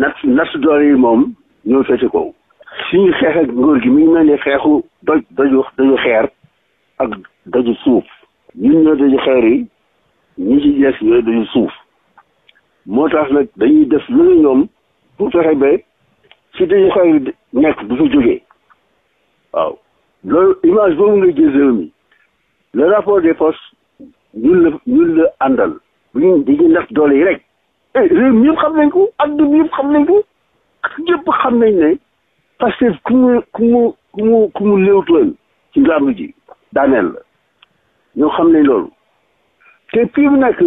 natt natt doole yi moom ñoo féete kaw suñu xeex ak nguur gi mi ngi mel ni xeexu doj doju doju xeer ak doju suuf ñu ñoo doju xeer yi ñi ci jeex ñooy doju suuf moo tax nag dañuy def lu ne ñoom pour fexe ba ci doju xeer yi nekk du fa jógee waaw loolu image boobu nga jël réew mi le rapport des la ñun la àndal bu ñu dañuy natt doole yi rek Eh, réew mi yëpp xam nañ ko adduna bi yëpp xam nañ ko yëpp xam nañ ne Pastef ku mu ku mu ku mu ku mu léewtal ci làmb ji daaneel ñoo xam nañ loolu te mu nekk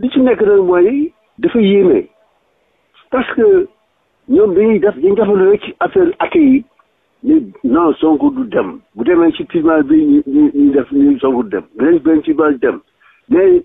li ci nekk nag mooy dafa yéeme parce que ñoom dañuy def dañ defal rek ci affaire acte yi Sonko du dem bu demee ci tribunal bi ñu ñu ñu def ñu Sonko dem beneen beneen tribunal dem mais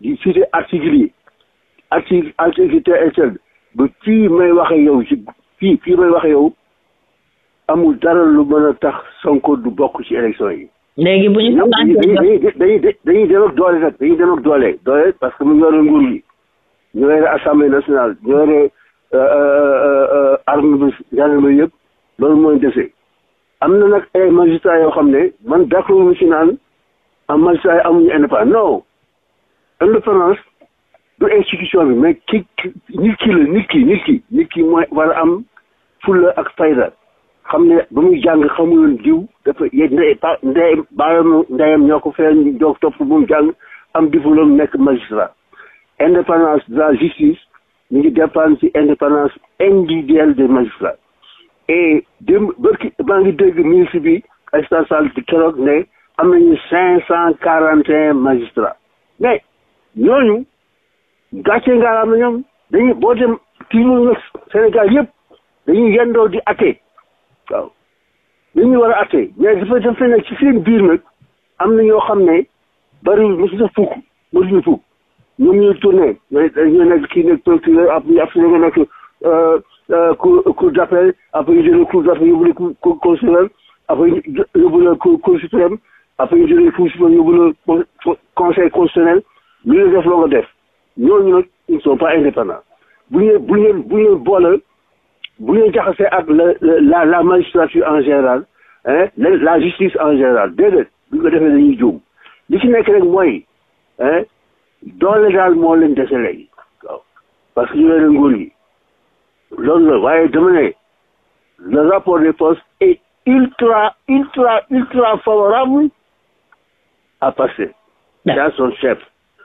di cité article yi article article TSL ba fii may waxe yow ci fii fii may waxe yow amul dara lu mën a tax Sonko du bokk ci élection yi. léegi bu ñu. dañuy dañuy dañuy dem ak doole nag dañuy dem ak doole doole parce que mu yore nguur gi ñu yore assemblée nationale ñu yore euh, euh, euh, arme bi gendarmerie yëpp loolu mooy dese. am na nag ay magistrats yoo xam ne man d'accord mu si naan am magistrats yi amuñu indépendance non. indépendance du institution bi mais ki nit ki la nit niki nit ki mooy war am fulla ak fayda xam ne ba muy jàng xamuloon diw dafa yéeg ndey pa ndeyam ñoo ko fee ñoo topp bu mu jàng am diplôme nekk magistrat indépendance de la justice ñu ngi dépendre ci indépendance individuelle des magistrats et démb bërki maa ngi dégg ministre bi ay Tall Sall di keroog ne am nañu cinq cent quarante et un magistrats mais Yon yon, gache nga la mwen yon, den yon bojèm timoun nèk Senegal yip, den yon yon do di ate. Den yon wala ate. Yon zipe jen fè nèk, kifè yon bir nèk, amnen yon khamne, baril mwen sè fuk, mwen sè fuk. Yon mwen yon tonè, yon nèk kinèk pèl tèlè, ap yon ap sè nèk nèk kou dapèl, ap yon jen lèk kou dapèl, ap yon mwen lèk konsèlèl, ap yon mwen lèk konsèlèm, ap yon jen lèk konsèlèm, Nous, ñu def ils sont pas indépendants bu ñu la la magistrature en général hein la justice en général déedéet bu ñu hein parce que la le rapport des est ultra ultra ultra favorable à passer dans son chef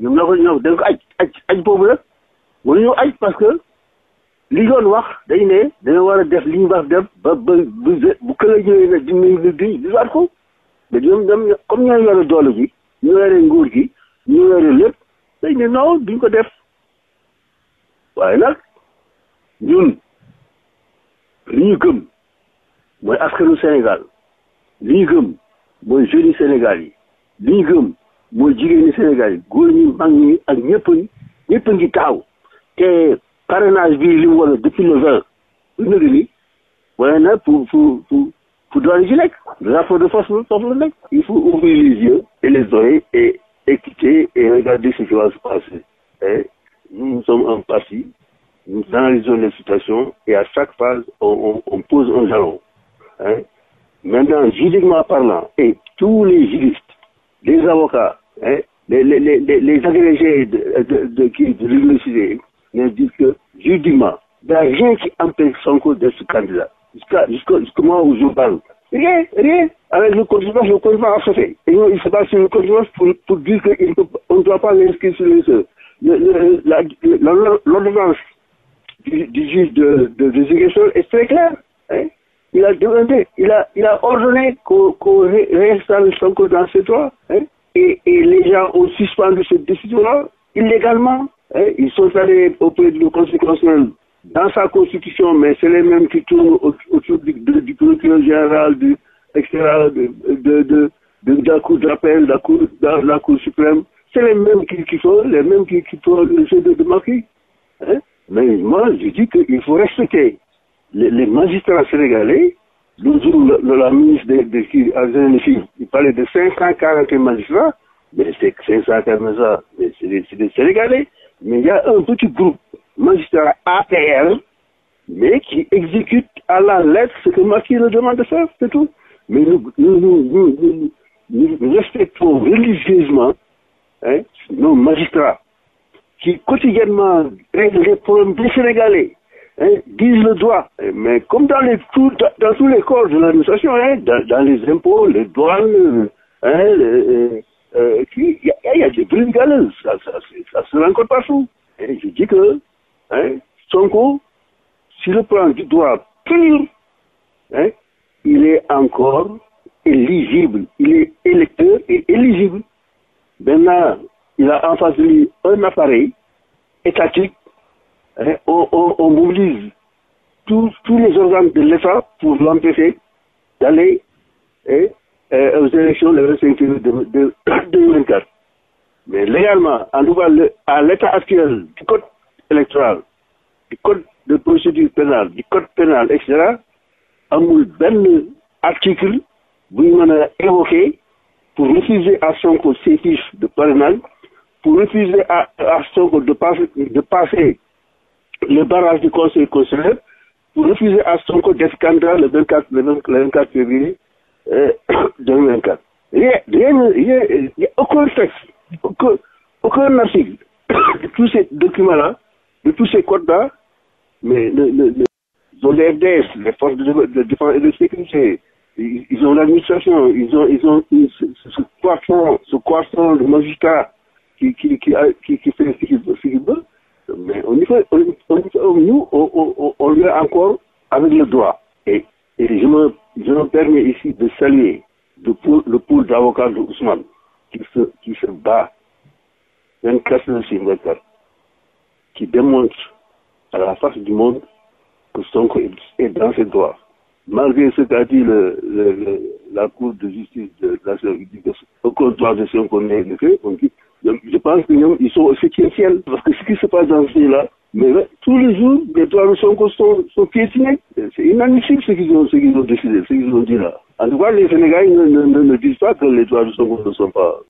ñoom ñoo ko ñoo dañ ko aj aj aj boobu nag mënuñu aj parce que li yoon wax dañ ne dañoo war a def li ñu war def ba ba bu këla ñëwee nag dinañ lu di di waat ko mais ñoom ñoom comme ñoo yore doole ji ñoo nguur gi ñoo yore lépp dañ ne non duñ ko def waaye nag ñun li ñu gëm mooy askanu Sénégal li ñu gëm mooy jeunes Sénégal yi li ñu gëm mooy jigéen ñi Sénégal yi góor ñi mag ñi ak ñëpp ñëpp ngi taxaw te parrainage bi li mu depuis le vingt bu nëgg ni waaye nag pour pour pour pour doole ji nekk rapport de force foofu la nekk il faut ouvrir les yeux et les oreilles et écouter et regarder ce qui va se passer et nous sommes en parti nous analysons les situations et à chaque phase on, on, on pose un jalon hein maintenant juridiquement parlant et tous les juristes les avocats, hein, les, les, les, agrégés de, l'université nous disent que juridiquement, il n'y a rien qui empêche son de ce candidat. Jusqu'à moi où je parle. Rien, rien. Avec le contribuable, le contribuable a fait. Et il se passe sur le contribuable pour, pour, dire qu'on ne doit pas l'inscrire sur les euh, L'ordonnance du, juge de, désignation est très clair il a demandé, il a, il a ordonné qu'on réinstalle son code dans ses droits. Hein. et, les gens ont suspendu cette décision-là illégalement. Hein. ils sont allés auprès du Conseil constitutionnel dans sa constitution, mais c'est les mêmes qui tournent autour du, procureur général, du, etc., de, la Cour d'appel, la cour, de la Cour suprême. C'est les mêmes qui, qui font, les mêmes qui, qui font le jeu de, hein. Mais moi, je dis qu'il faut respecter les, magistrats sénégalais, le le, la ministre de, de, qui, il parlait de 540 magistrats, mais c'est 540 mais c'est des Sénégalais. Mais il y a un petit groupe magistrat APL mais qui exécute à la lettre ce que Marquis le demande de faire, c'est tout. Mais nous, respectons religieusement hein, nos magistrats qui quotidiennement règlent les problèmes des Sénégalais. Hein, disent le droit. Eh, mais comme dans, les, dans tous les corps de l'administration, hein, dans, les impôts, les droits, hein, euh, euh, il y, a des brunes galeuses, ça, ça, ça, ça se rencontre partout. je dis que hein, Sonko, si le plan du droit pur, il est encore éligible. Il est électeur et éligible. Maintenant, il a en face de lui un appareil étatique Hein, on, mobilise tous, les organes de l'État pour l'empêcher d'aller hein, euh, aux élections le 25 février 2024. Mais légalement, à l'état actuel du code électoral, du code de procédure pénale, du code pénal, etc., un benn article vous l'avez évoqué pour refuser à son ses de parrainage, pour refuser à, son Sonko de passer le barrage du Conseil constitutionnel pour refuser à son code candidat le 24, le le 24 février 2024. Euh, il n'y a, aucun texte, aucun, aucun article de tous ces documents-là, de tous ces codes-là, mais le, ils ont les les forces de, défense et de sécurité, ils, ont l'administration, ils ont, ils ont ce, croissant, ce de magistrat qui, qui, qui, qui, fait ce qu'il veut mais on, y fait, nous, on, l'est encore avec le droit. Et, je, me, permets ici de saluer le pôle, d'avocat d'avocats de Ousmane qui se, qui se bat 24 sur qui démontre à la face du monde que son Sonko est dans ses droits. Malgré ce qu'a dit le, la Cour de justice de la Unies, aucun droit de son on dit je pense qu'ils sont aussi parce que ce qui se passe dans ce pays-là, mais tous les jours, les trois sont, sont, sont piétinés. C'est inadmissible ce qu'ils ont, décidé, ce qu'ils ont dit là. En tout cas, les Sénégalais ne, disent pas que les trois sont ne sont pas